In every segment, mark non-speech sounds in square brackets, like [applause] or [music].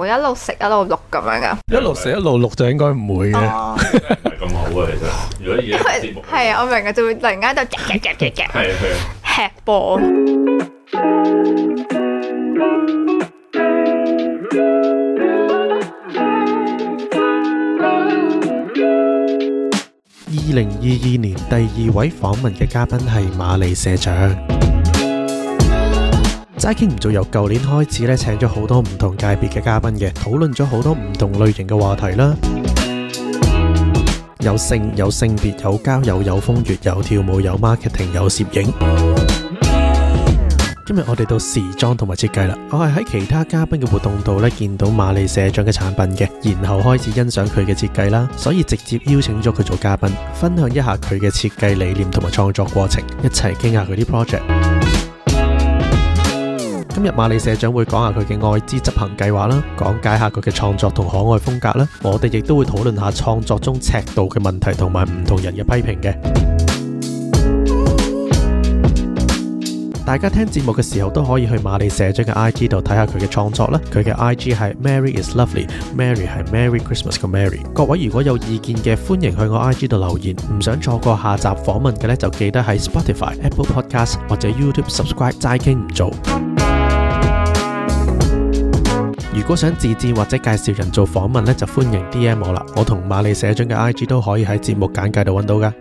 我一路食一路錄咁樣噶，一路食一路錄就應該唔會嘅，唔係咁好嘅其實。係啊，我明嘅，就會突然間就，夾夾夾夾，係啊係啊，吃播。二零二二年第二位訪問嘅嘉賓係瑪莉社長。齋 k i 唔做，由舊年開始咧，請咗好多唔同界別嘅嘉賓嘅，討論咗好多唔同類型嘅話題啦。 [music] 有性，有性別，有交友，有風月，有跳舞，有 marketing，有攝影。 [music] 今日我哋到時裝同埋設計啦。我係喺其他嘉賓嘅活動度咧見到瑪麗社長嘅產品嘅，然後開始欣賞佢嘅設計啦，所以直接邀請咗佢做嘉賓，分享一下佢嘅設計理念同埋創作過程，一齊傾下佢啲 project。今日瑪莉社長會講下佢嘅愛之執行計劃啦，講解下佢嘅創作同可愛風格啦。我哋亦都會討論下創作中尺度嘅問題，同埋唔同人嘅批評嘅。大家聽節目嘅時候都可以去瑪莉社長嘅 I G 度睇下佢嘅創作啦。佢嘅 I G 係 Merry is Lovely，Merry 係 Merry Christmas 嘅 Merry。各位如果有意見嘅，歡迎去我 I G 度留言。唔想錯過下集訪問嘅咧，就記得喺 Spotify、Apple Podcast 或者 YouTube subscribe 齋傾唔做。如果想自薦或者介紹人做訪問咧，就歡迎 D M 我啦。我同瑪莉社長嘅 I G 都可以喺節目簡介度揾到噶。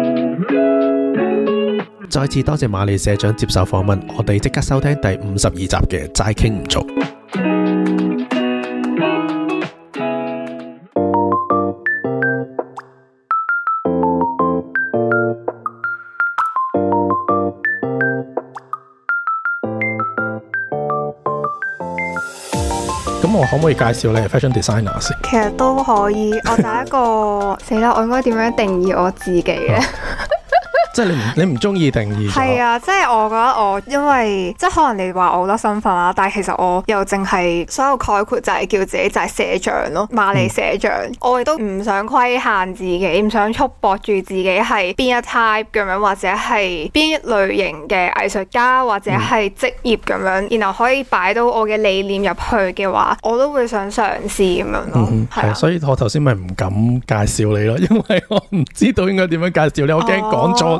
[music] 再次多謝瑪莉社長接受訪問，我哋即刻收聽第五十二集嘅齋傾唔做。我可唔可以介紹你係 fashion designer 先？其實都可以。我第一個死啦！ [laughs] 我應該點樣定義我自己呢？ [laughs] 即係你唔中意定義？係啊，即係我覺得我因為即係可能你話我多身份啦，但係其實我又淨係所有概括就係叫自己就係社長咯，瑪莉社長。嗯，我亦都唔想規限自己，唔想束縛住自己係邊一 type 咁樣，或者係邊一類型嘅藝術家，或者係職業咁樣，嗯，然後可以擺到我嘅理念入去嘅話，我都會想嘗試咁樣咯，嗯哼，係啊，所以我頭先咪唔敢介紹你咯，因為我唔知道應該點樣介紹你，我驚講咗。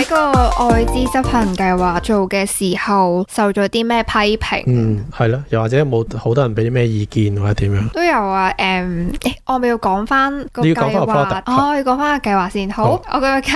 喺個愛之執行計劃做嘅時候，受咗啲咩批評？嗯，係啦，又或者冇好多人俾啲咩意見或者點樣？都有啊，誒、嗯欸，我咪要講翻個計劃，哦，要講翻個計劃先。好，好，我咁樣介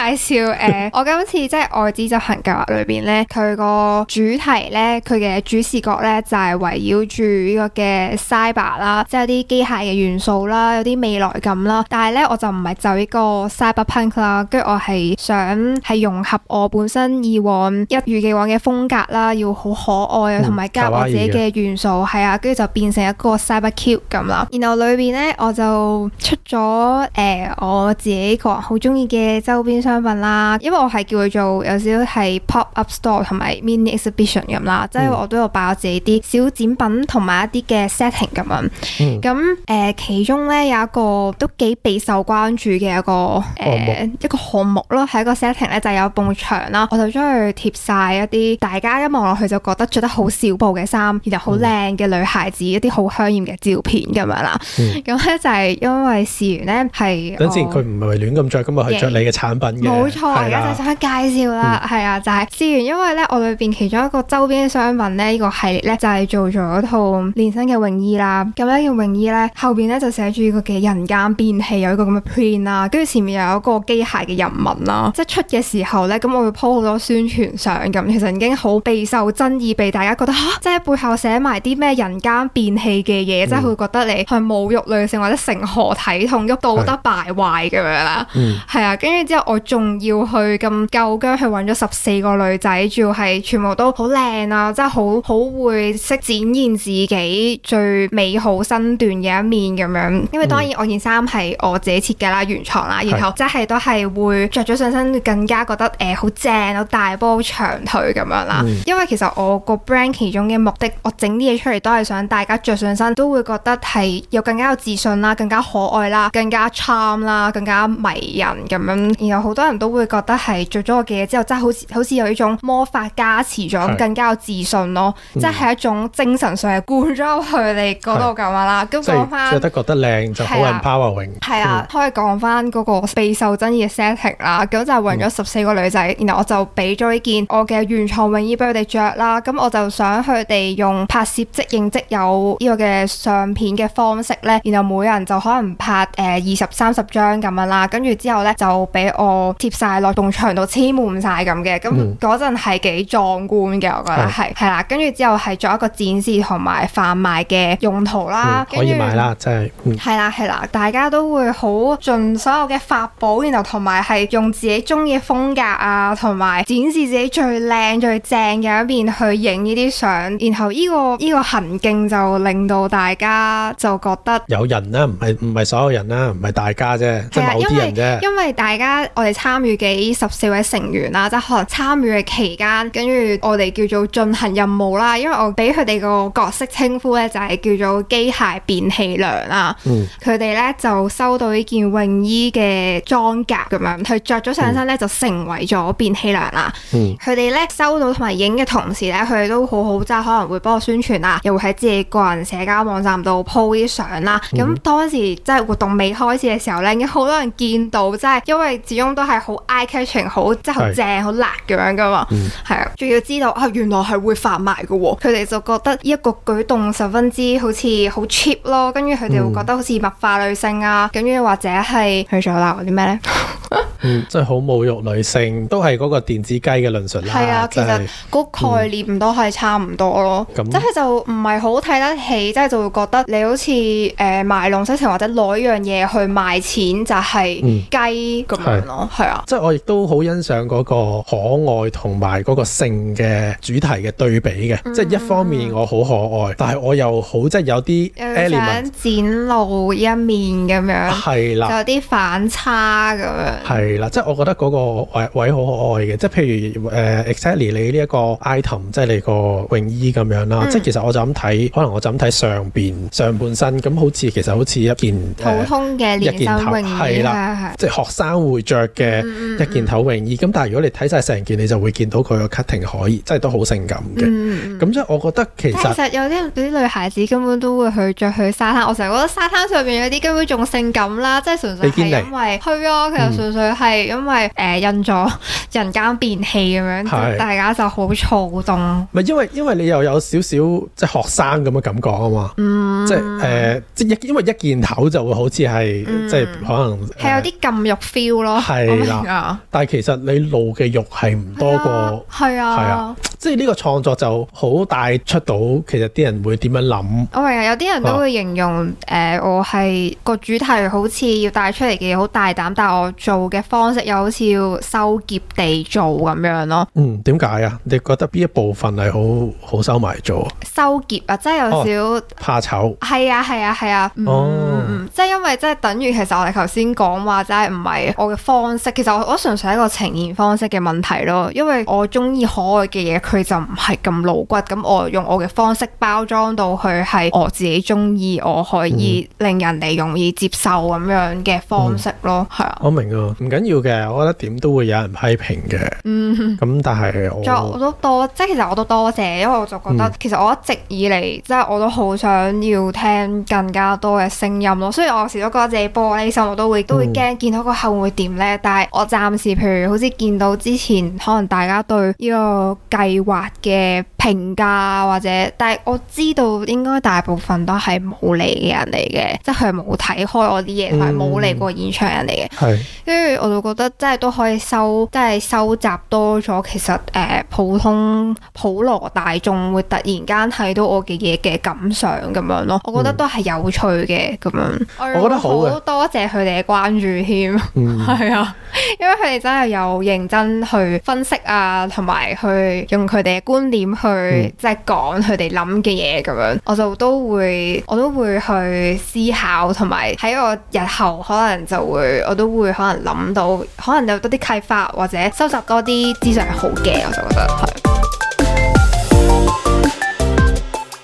紹，誒、呃，我今次即係愛之執行計劃裏邊咧，佢個主題咧，佢嘅主視角咧就係圍繞住呢個嘅 cyber 啦，即係啲機械嘅元素啦，有啲未來感啦。但係咧，我就唔係就呢個 cyberpunk 啦，跟住我係想係用。合我本身以往一如既往嘅風格啦，要好可愛啊，同埋加我自己嘅元素，係啊、嗯，跟住就變成一個 cyber cute 咁啦。然後裏邊咧，我就出咗誒、呃、我自己個人好中意嘅周邊商品啦。因為我係叫佢做有少少係 pop up store 同埋 mini exhibition 咁啦，即係、嗯、我都有擺我自己啲小展品同埋一啲嘅 setting 咁樣，嗯。咁誒、呃、其中咧有一個都幾備受關注嘅一個誒一個項目、項目咯，係一個 setting 咧就是、有長啦，我就將佢貼晒一啲大家一望落去就覺得着得好少布嘅衫，然後好靚嘅女孩子、嗯、一啲好香艷嘅照片咁樣啦。咁咧、嗯、就係因為事緣咧係，等先，佢唔係亂咁着，咁啊去着你嘅產品嘅，冇錯、嗯，而家就想介紹啦，係、嗯、啊，就係、是、事緣，因為咧我裏邊其中一個周邊商品咧呢、這個系列咧就係做咗套連身嘅泳衣啦。咁咧件泳衣咧後邊咧就寫住一個嘅人間便器，有一個咁嘅 print 啦，跟住前面又有一個機械嘅人物啦，即係出嘅時候。咧咁，我會 po 好多宣傳相咁，其實已經好備受爭議，被大家覺得嚇、啊，即係背後寫埋啲咩人間變戲人間便器嘅嘢，嗯、即係會覺得你係侮辱女性或者成何體統，喐道德敗壞咁樣啦。是的嗯，係啊，跟住之後我仲要去咁夠薑去揾咗十四個女仔，仲要係全部都好靚啊，即係好好會識展現自己最美好身段嘅一面咁樣。因為當然我件衫係我自己設計啦，原創啦，嗯、然後即係都係會着咗上身更加覺得。誒好正好大波長腿咁樣啦，嗯、因為其實我個 brand 其中嘅目的，我整啲嘢出嚟都係想大家着上身都會覺得係有更加有自信啦，更加可愛啦，更加 charm 啦，更加迷人咁樣。然後好多人都會覺得係着咗我嘅嘢之後，真係好似好似有呢種魔法加持咗，是更加有自信咯，即係、嗯、一種精神上係灌咗去你嗰度咁樣啦。咁講翻，覺得覺得靚就好 empowering 係啊，啊嗯、可以講翻嗰個備受爭議嘅 setting 啦，咁就為咗十四個女。嗯女仔，然後我就俾咗呢件我嘅原創泳衣俾佢哋着啦。咁我就想佢哋用拍攝即影即有呢個嘅相片嘅方式咧，然後每人就可能拍誒二十三十張咁樣啦。跟住之後咧，就俾我貼晒落棟牆度黐滿晒咁嘅。咁嗰陣係幾壯觀嘅，我覺得係。係啦、嗯，跟住之後係作一個展示同埋販賣嘅用途啦。嗯、可以賣後、嗯、啦，真係。係啦係啦，大家都會好盡所有嘅法寶，然後同埋係用自己中意嘅風格。啊，同埋展示自己最靚最正嘅一面去影呢啲相，然後呢、這個呢、這個行徑就令到大家就覺得有人啦、啊，唔係唔係所有人啦、啊，唔係大家啫，係某啲人啫。因為大家我哋參與嘅呢十四位成員啦，即、就、係、是、可能參與嘅期間，跟住我哋叫做進行任務啦。因為我俾佢哋個角色稱呼咧，就係、是、叫做機械便器娘啦。佢哋咧就收到呢件泳衣嘅裝甲咁樣，佢着咗上身咧就成為、嗯。左變氣量啦，佢哋咧收到同埋影嘅同時咧，佢哋都好好即係可能會幫我宣傳啦、啊，又會喺自己個人社交網站度 po 啲相啦。咁、嗯、當時即係活動未開始嘅時候咧，已經好多人見到，即係因為始終都係好 eye catching 好即係好正、好是辣嘅樣噶嘛，係、嗯、啊，仲要知道啊，原來係會發埋嘅、啊，佢哋就覺得呢一個舉動十分之好似好 cheap 咯，跟住佢哋會覺得好似物化女性啊，跟住、嗯、或者係去左鬧啲咩咧？ [laughs] [laughs] 嗯，真係好侮辱女性，都係嗰個電子雞嘅論述啦。係啊，的其實個概念都係差唔多咯。咁即係就唔係好睇得起，嗯、即係就會覺得你好似誒賣弄色情或者攞一樣嘢去賣錢就係雞咁樣咯。係、嗯、啊，即係我亦都好欣賞嗰個可愛同埋嗰個性嘅主題嘅對比嘅。嗯、即係一方面我好可愛，但係我又好即係有啲想展露一面咁樣，係啦，有啲反差咁樣。 [laughs] 係啦，即係我覺得嗰個位位好可愛嘅，即係譬如誒、呃、Exactly 你呢一個 item，即係你個泳衣咁樣啦。嗯、即係其實我就咁睇，可能我就咁睇上邊上半身，咁好似其實好似一件、呃、普通嘅的一件頭泳衣，係啦、嗯，即係學生會着嘅一件頭泳衣。咁但係如果你睇晒成件，你就會見到佢個 cutting 可以，即係都好性感嘅。咁、嗯、即係我覺得其實，其實有啲女孩子根本都會去着去沙灘。我成日覺得沙灘上邊有啲根本仲性感啦，即係純粹係因為去啊，佢又、嗯嗯就係因為誒、呃、印咗人間便器咁樣，大家就好躁動。唔係因為因為你又有少少即係學生咁嘅感覺啊嘛，嗯，即係誒、呃、即係因為一件頭就會好似係、嗯、即係可能係有啲禁肉 feel 咯的，係啦。但係其實你露嘅肉係唔多過，係啊，係啊，即係呢個創作就好帶出到其實啲人會點樣諗。係啊、嗯，有啲人都會形容誒、呃、我係個主題好似要帶出嚟嘅好大膽，但係我做嘅方式又好似要收結地做咁樣咯。嗯，點解啊？你覺得邊一部分係好好收埋做？收結啊，即係有少少、哦、怕醜。係啊，係啊，係啊。嗯、哦，即係因為即係等於其實我哋頭先講話，真係唔係我嘅方式。其實我我純粹係一個呈現方式嘅問題咯。因為我中意可愛嘅嘢，佢就唔係咁露骨。咁、嗯、我用我嘅方式包裝到佢，係我自己中意，我可以令人哋容易接受咁樣嘅方式咯。係、嗯嗯、啊，我明。唔緊要嘅，我覺得點都會有人批評嘅。嗯，咁但係我，都多，即係其實我都多謝，因為我就覺得，嗯、其實我一直以嚟，即係我都好想要聽更加多嘅聲音咯。所以我有時都覺得自己玻璃心，我都會都會驚見到個後會點呢？但係我暫時，譬如好似見到之前，可能大家對呢個計劃嘅。評價或者，但係我知道應該大部分都係冇嚟嘅人嚟嘅，即係佢冇睇開我啲嘢，同埋冇嚟過現場人嚟嘅。係，跟住我就覺得，即係都可以收，即係收集多咗。其實誒、呃、普通普羅大眾會突然間睇到我嘅嘢嘅感想咁樣咯，嗯、我覺得都係有趣嘅，咁樣我覺得好多謝佢哋嘅關注添，係啊，因為佢哋真係有認真去分析啊，同埋去用佢哋嘅觀點去。去即係講佢哋諗嘅嘢咁樣，我就都會，我都會去思考，同埋喺我日後可能就會，我都會可能諗到，可能有多啲啟發或者收集多啲資訊係好嘅，我就覺得係。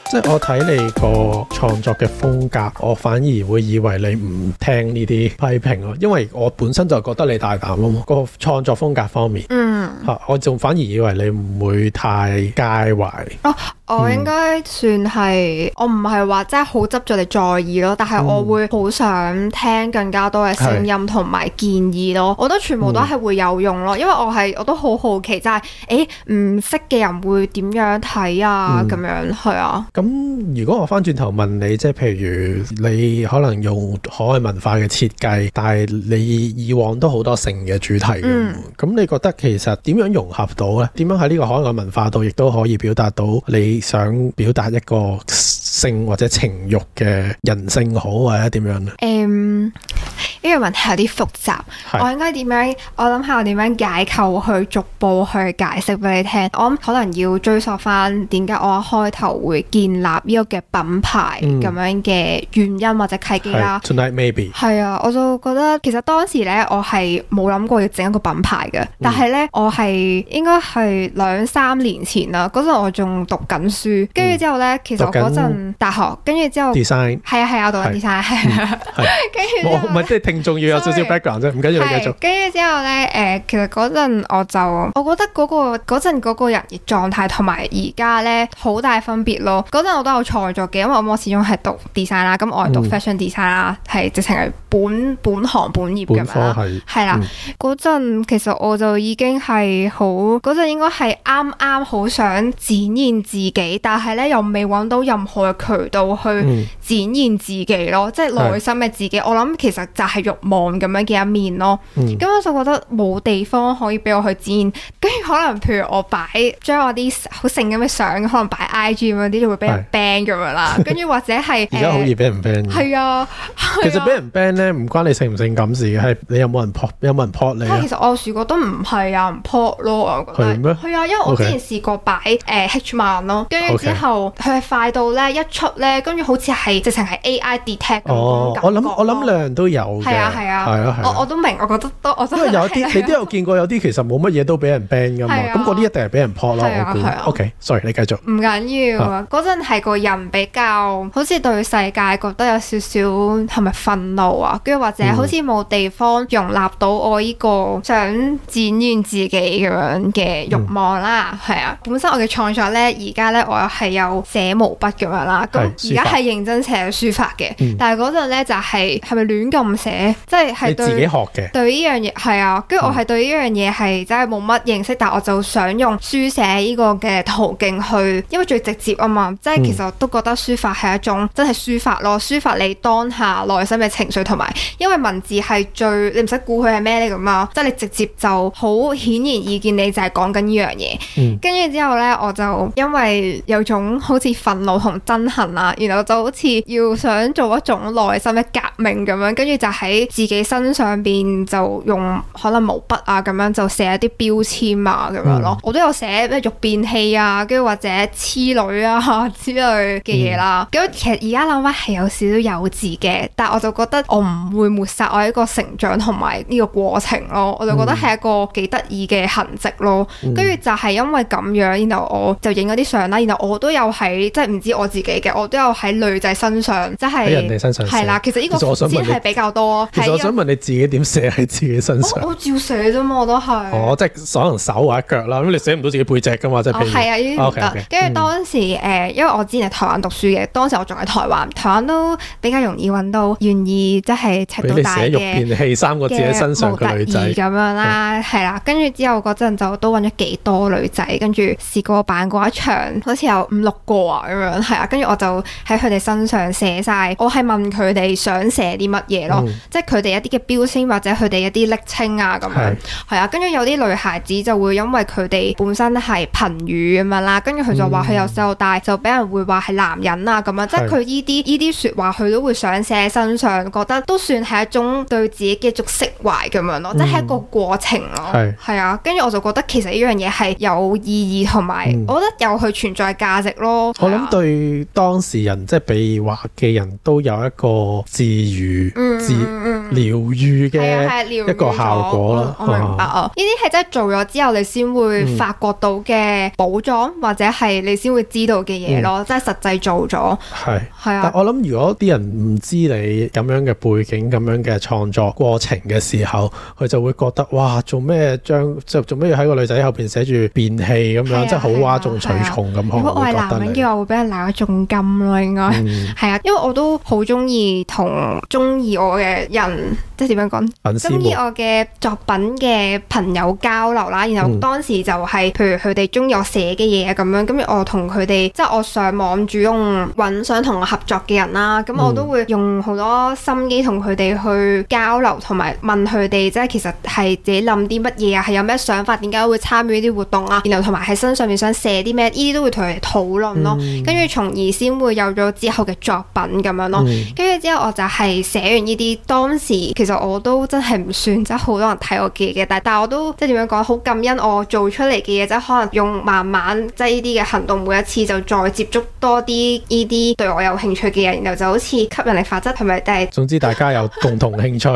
即係我睇你個創作嘅風格，我反而會以為你唔聽呢啲批評咯，因為我本身就覺得你大膽啊嘛，個創作風格方面，嗯，吓我仲反而以為你唔會太介懷。啊。我應該算係，嗯、我唔係話真係好執着你在意咯，但係我會好想聽更加多嘅聲音同埋建議咯。嗯、我覺得全部都係會有用咯，嗯、因為我係我都好好奇，就係誒唔識嘅人會點樣睇啊？咁、嗯、樣係啊。咁如果我翻轉頭問你，即係譬如你可能用海外文化嘅設計，但係你以往都好多性嘅主題咁、嗯、你覺得其實點樣融合到呢？點樣喺呢個海外文化度亦都可以表達到你？想表達一個性或者情欲嘅人性好，或者點樣咧？誒、嗯，呢個問題有啲複雜，是的 我應該點樣我諗下，我點樣解構去逐步去解釋俾你聽，我諗可能要追溯翻點解我一開頭會建立呢個嘅品牌咁樣嘅原因或者契機啦。Tonight Maybe 係啊，我就覺得其實當時咧，我係冇諗過要整一個品牌嘅，但係咧，我係應該係兩三年前啦，嗰陣我仲讀緊。書，跟住之後咧，其實我嗰陣大學，跟住之後係啊係啊，啊我讀緊 design，係跟住唔係即係聽眾要有少少 background 啫，唔緊要繼續。跟住之後咧，誒、呃，其實嗰陣我就，我覺得嗰、嗰個嗰陣嗰個人嘅狀態同埋而家咧好大分別咯。嗰陣我都有創作嘅，因為我始終係讀 design 啦、嗯，咁我係讀 fashion design 啦，係直情係本本行本業咁樣啦，係、嗯、啦。嗰陣其實我就已經係好，嗰陣應該係啱啱好想展現自己。但係咧又未揾到任何嘅渠道去展現自己咯，嗯、即係內心嘅自己。是我諗其實就係欲望咁樣嘅一面咯。咁、嗯、我就覺得冇地方可以俾我去展現。跟住可能，譬如我擺將我啲好性咁嘅相，可能擺 I G 咁樣啲，就會俾人 ban 咁樣啦。跟住或者係而家好易俾人 ban 嘅。係啊，其實俾人 ban 咧唔關你性唔性感事嘅，係你有冇人 report，有冇人 report 你。其實我試過都唔係啊，唔 report 咯。係咩嗎？係啊，因為我之前試過擺誒 H 漫咯。跟住之後，佢係快到咧，一出咧，跟住好似係直情係 A I detect 哦，我諗我諗兩樣都有。係啊係啊，我我都明，我覺得都，我因為有啲你都有見過，有啲其實冇乜嘢都俾人 ban 噶嘛。係咁嗰啲一定係俾人撲啦。係啊，OK，sorry，你繼續。唔緊要，嗰陣係個人比較，好似對世界覺得有少少係咪憤怒啊？跟住或者好似冇地方容納到我呢個想展現自己咁樣嘅慾望啦。係啊，本身我嘅創作咧，而家咧。我係有寫毛筆咁樣啦，咁而家係認真寫書法嘅，嗯、但係嗰陣咧就係係咪亂咁寫，即係係對自己學嘅，對呢樣嘢係啊，跟住我係對呢樣嘢係真係冇乜認識，嗯、但係我就想用書寫呢個嘅途徑去，因為最直接啊嘛，即係其實我都覺得書法係一種、嗯、真係書法咯，書法你當下內心嘅情緒同埋，因為文字係最你唔使估佢係咩咧咁啊，即係你直接就好顯然，易見，你就係講緊呢樣嘢，跟住、嗯、之後咧我就因為。有種好似憤怒同憎恨啊，然後就好似要想做一種內心嘅革命咁樣，跟住就喺自己身上邊就用可能毛筆啊咁樣就寫一啲標籤啊咁樣咯。嗯、我都有寫咩肉便器啊，跟住或者痴女啊之類嘅嘢啦。咁、嗯、其實而家諗翻係有少少幼稚嘅，但係我就覺得我唔會抹殺我一個成長同埋呢個過程咯。我就覺得係一個幾得意嘅痕跡咯。跟住、嗯、就係因為咁樣，然後我就影咗啲相。然後我都有喺即係唔知我自己嘅，我都有喺女仔身上，即係人哋身上。係啦，其實呢個先係比較多。其實我想問你自己點寫喺自己身上？這個、我，我照寫啫嘛，我都係。哦，即係可能手或者腳啦，咁你寫唔到自己背脊㗎嘛？即係。哦，係啊，OK。跟住嗰陣時，嗯、因為我之前喺台灣讀書嘅，當時我仲喺台灣，台灣都比較容易揾到願意即係尺度大嘅，寫人便器三個字喺身上嘅女仔。咁樣啦，係啦、嗯。跟住之後嗰陣就都揾咗幾多女仔，跟住試過辦過一場。好似有五六個啊，咁、嗯啊、樣係是啊，跟住我就喺佢哋身上寫晒，我係問佢哋想寫啲乜嘢咯，即係佢哋一啲嘅標籤或者佢哋一啲暱稱啊咁樣，係啊，跟住有啲女孩子就會因為佢哋本身係貧乳咁樣啦，跟住佢就話佢由細到大，就俾人會話係男人啊咁樣，嗯、即係佢呢啲呢啲說話佢都會想寫喺身上，覺得都算係一種對自己繼續釋懷咁樣咯，即係、嗯、一個過程咯，係、嗯、是啊，跟住我就覺得其實呢樣嘢係有意義同埋，我覺得有去存在價值咯，我諗對當事人的即係被話嘅人都有一個治，愈、嗯嗯嗯、治癒、治療愈嘅一個效果咯、嗯。我明白啊，呢啲係真係做咗之後，你先會發覺到嘅寶藏，或者係你先會知道嘅嘢咯，嗯、即係實際做咗。係係啊，的的我諗如果啲人唔知你咁樣嘅背景、咁樣嘅創作過程嘅時候，佢就會覺得哇，做咩將就做咩要喺個女仔後邊寫住便器咁樣，即係好嘩眾取寵。如果我係男人嘅話， [noise] 會俾人鬧重金咯。應該係啊，因為我都好中意同中意我嘅人。即係點樣講？中意我嘅作品嘅朋友交流啦，然後當時就係，譬如佢哋中意我寫嘅嘢啊，咁樣，嗯，跟住我同佢哋，即係我上網主動搵想同我合作嘅人啦，咁我都會用好多心機同佢哋去交流，同埋問佢哋，即係其實係自己諗啲乜嘢啊，係有咩想法，點解會參與呢啲活動啊，然後同埋喺身上面想寫啲咩，呢啲都會同佢哋討論咯，跟住從而先會有咗之後嘅作品咁樣咯，嗯之後我就係寫完呢啲，當時其實我都真係唔算，真係好多人睇我嘅，但但係我都即係點樣講，好感恩我做出嚟嘅嘢，即係可能用慢慢即係呢啲嘅行動，每一次就再接觸多啲呢啲對我有興趣嘅人，然後就好似吸引力法則係咪？但係總之大家有共同興趣，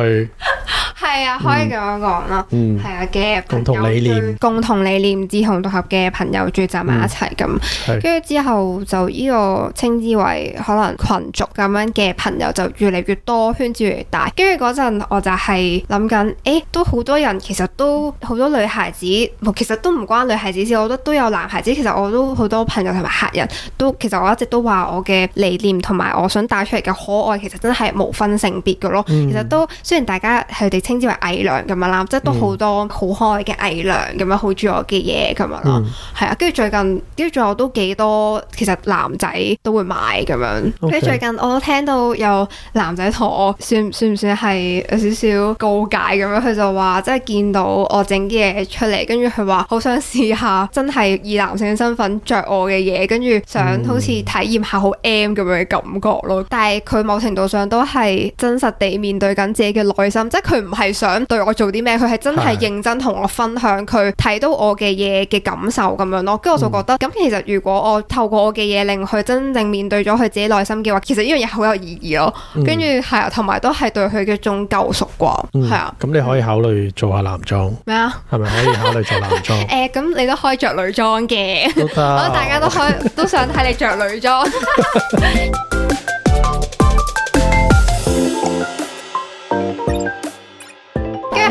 係 [laughs] [laughs] [laughs] 啊，可以咁樣講咯，係、嗯、啊，嘅共同理念，共同理念志同道合嘅朋友聚集埋一齊咁，跟住之後就呢個稱之為可能群族咁樣嘅朋友。就越嚟越多圈子，越大，跟住嗰陣我就係諗緊，誒，都好多人，其實都好多女孩子，其實都唔關女孩子事，我覺得都有男孩子。其實我都好多朋友同埋客人都其實我一直都話我嘅理念同埋我想帶出嚟嘅可愛其實真係無分性別嘅咯。嗯、其實都雖然大家佢哋稱之為偽娘咁樣啦，即係都好多好可愛嘅偽娘咁樣好中意我嘅嘢咁樣咯。係啊、嗯，跟住最近跟住仲有都幾多，其實男仔都會買咁樣，跟住最近我都聽到有。男仔同我算唔算唔算係有少少告解咁樣？佢就話即係見到我整啲嘢出嚟，跟住佢話好想試下真係以男性身份着我嘅嘢，跟住想好似體驗下好 M 咁樣嘅感覺咯。但係佢某程度上都係真實地面對緊自己嘅內心，即係佢唔係想對我做啲咩，佢係真係認真同我分享佢睇到我嘅嘢嘅感受咁樣咯。跟住我就覺得，咁其實如果我透過我嘅嘢令佢真正面對咗佢自己內心嘅話，其實呢樣嘢好有意義咯。嗯、跟住係、嗯、啊，同埋都係對佢嘅一種救贖啩，係啊。咁你可以考慮做下男裝咩啊？係咪什麼 [laughs] 可以考慮做男裝？誒、 [laughs] 呃，咁你都可以着女裝嘅， [laughs] [laughs] 我大家都可以都想睇你着女裝。 [laughs] [laughs]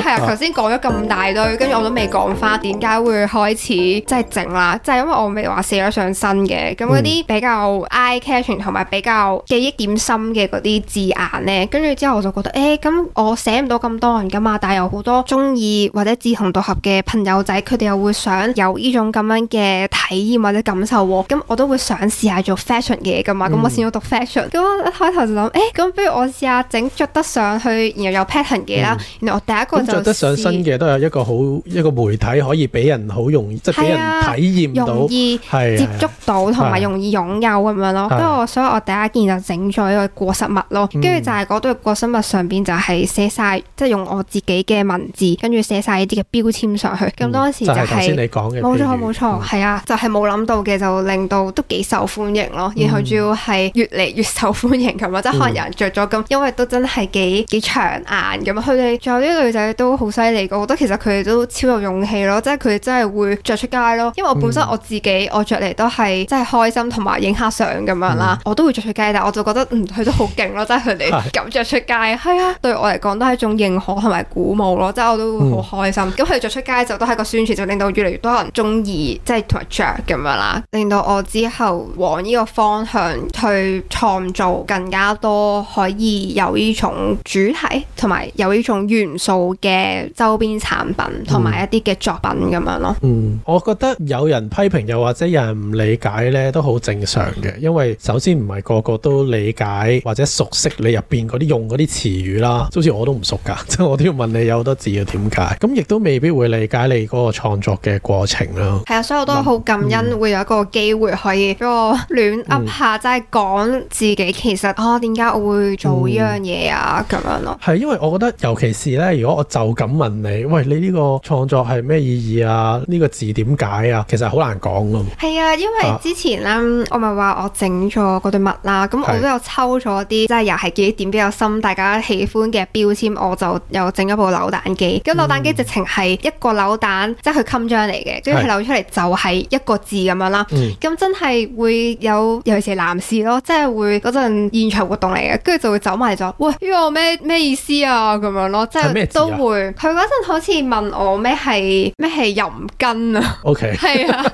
係啊，頭先、 [noise] 嗯、 [noise] 講咗咁大堆，跟住我都未講翻點解會開始即係整啦，即、就、係、是、因為我未話寫咗上身嘅，咁嗰啲比較 eye-catching 同埋比較記憶點深嘅嗰啲字眼呢，跟住之後我就覺得，誒、欸、咁我寫唔到咁多人噶嘛，但係有好多中意或者志同道合嘅朋友仔，佢哋又會想有呢種咁樣嘅體驗或者感受喎，咁我都會想試下做 fashion 嘅嘢噶嘛，咁我先要讀 fashion，咁、嗯嗯、我一開頭就諗，誒、欸、咁不如我試下整着得上去，然後有 pattern 嘅啦，然後我第一個就、嗯。嗯着得上身嘅都有一個好一個媒體可以俾人好容易即係俾人體驗到，容易接觸到同埋容易擁有咁樣咯。因為我所以我第一件就整咗一個過失物咯，跟住就係嗰堆過失物上邊就係寫晒，即係用我自己嘅文字，跟住寫晒一啲嘅標籤上去。咁當時就係，頭先你講嘅，冇錯冇錯，係啊，就係冇諗到嘅，就令到都幾受歡迎咯。然後主要係越嚟越受歡迎咁，即係可能有人着咗咁，因為都真係幾幾搶眼咁。佢哋仲有啲女仔。都好犀利，我覺得其實佢哋都超有勇氣咯，即係佢哋真係會着出街咯。因為我本身我自己、嗯、我着嚟都係真係開心，同埋影下相咁樣啦，嗯、我都會着出街。但係我就覺得嗯，佢都好勁咯，即係佢哋敢着出街，係啊的，對我嚟講都係一種認可同埋鼓舞咯，即係我都會好開心。咁佢着出街就都係個宣傳，就令到越嚟越多人中意，即係同埋着咁樣啦，令到我之後往呢個方向去創造更加多可以有呢種主題同埋有呢種元素嘅。嘅周邊產品同埋一啲嘅作品咁樣咯。嗯，我覺得有人批評又或者有人唔理解咧，都好正常嘅。因為首先唔係個個都理解或者熟悉你入邊嗰啲用嗰啲詞語啦，好似我都唔熟噶，即係我都要問你有好多字要點解。咁亦都未必會理解你嗰個創作嘅過程咯。係啊，所以我都好感恩、嗯、會有一個機會可以俾我亂噏下，即係講自己其實哦點解我會做呢、嗯、樣嘢啊咁樣咯。係因為我覺得尤其是咧，如果我就咁問你，喂，你呢個創作係咩意義啊？呢、呢個字點解啊？其實好難講咯。係啊，因為之前咧，我咪話我整咗嗰對襪啦，咁我都有抽咗啲，是即係又係幾點比較深，大家喜歡嘅標籤，我就又整一部扭蛋機。咁扭蛋機直情係一個扭蛋，嗯、即係佢襟章嚟嘅，跟住佢扭出嚟就係一個字咁是樣啦。咁真係會有，尤其是男士咯，即係會嗰陣現場活動嚟嘅，跟住就會走埋咗。喂，呢個咩咩意思啊？咁樣咯、就是，即係、就是、都會。佢嗰陣好似問我咩係咩係淫根啊？OK，係啊。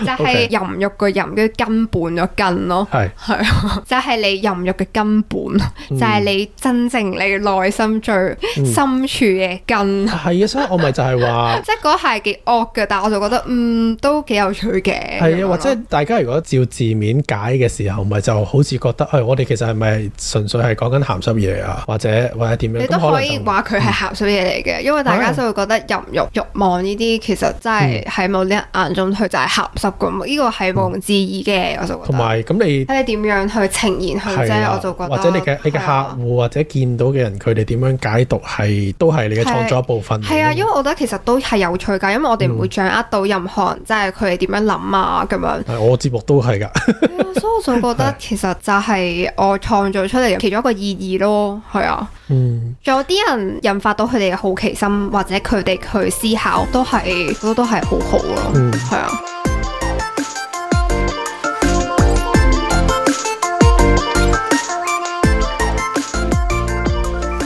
就係淫欲嘅淫，嘅根本嘅根咯，係係就係你淫欲嘅根本，就係你真正你內心最深處嘅根。係啊，所以我咪就係話，即係嗰係幾惡嘅，但係我就覺得嗯都幾有趣嘅。係啊，或者大家如果照字面解嘅時候，咪就好似覺得誒，我哋其實係咪純粹係講緊鹹濕嘢啊，或者或者點樣？你都可以話佢係鹹濕嘢嚟嘅，因為大家就會覺得淫欲慾望呢啲其實真係喺某啲人眼中佢就係鹹。咁呢個係無意義嘅，我就覺得同埋咁你睇你點樣去呈現佢啫，我就覺得或者你嘅你嘅客戶或者見到嘅人佢哋點樣解讀係都係你嘅創作一部分。係啊，因為我覺得其實都係有趣㗎，因為我哋唔會掌握到任何人，即係佢哋點樣諗啊咁樣。係我節目都係㗎，所以我就覺得其實就係我創造出嚟嘅其中一個意義咯。係啊，仲有啲人引發到佢哋嘅好奇心，或者佢哋去思考，都係都都係好好咯。嗯，係啊。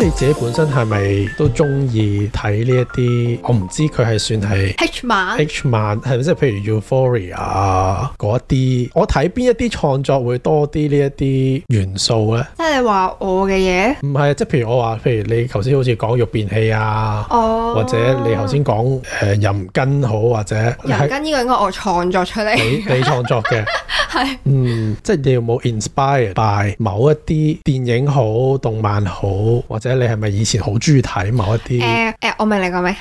你自己本身係咪都中意睇呢一啲？我唔知佢係算係 H 漫 H 漫係咪？即係譬如 Euphoria 啊嗰一啲，我睇邊一啲創作會多啲呢一啲元素咧？即係你話我嘅嘢？唔係，啊，即係譬如我話，譬如你頭先好似講肉便器啊，哦，oh，或者你頭先講誒人間好，或者人間呢個應該我創作出嚟，你創作嘅係 [laughs] 是嗯，即係你有冇 inspired by 某一啲電影好、動漫好或者？你係咪以前好中意睇某一啲？誒誒，我明你講咩，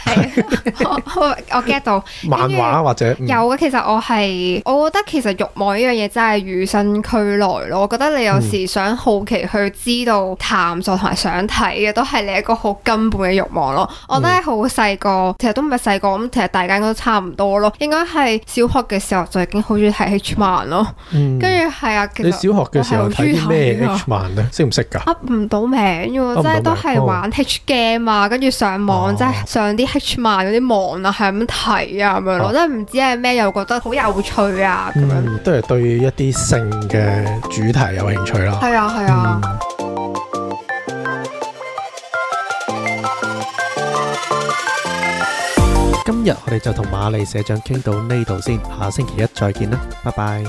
我我 get 到漫畫或者有嘅。其實我係我覺得其實欲望呢樣嘢真係與生俱來咯。我覺得你有時想好奇去知道探索同埋想睇嘅都係你一個好根本嘅欲望咯。我覺得好細個，其實都唔係細個咁，其實大家都差唔多咯。應該係小學嘅時候就已經好中意睇 H 漫咯。跟住係啊，你小學嘅時候睇咩 H 漫咧？識唔識㗎？噏唔到名喎，真係係玩 H game 啊、哦，跟住上網即係、哦、上啲 H 漫嗰啲網啊，係咁睇啊咁樣咯，即係唔知係咩又覺得好有趣啊咁、嗯、樣，嗯、都係對一啲性嘅主題有興趣咯。係啊係啊。啊嗯、今日我哋就同瑪莉社長傾到呢度先，下星期一再見啦，拜拜。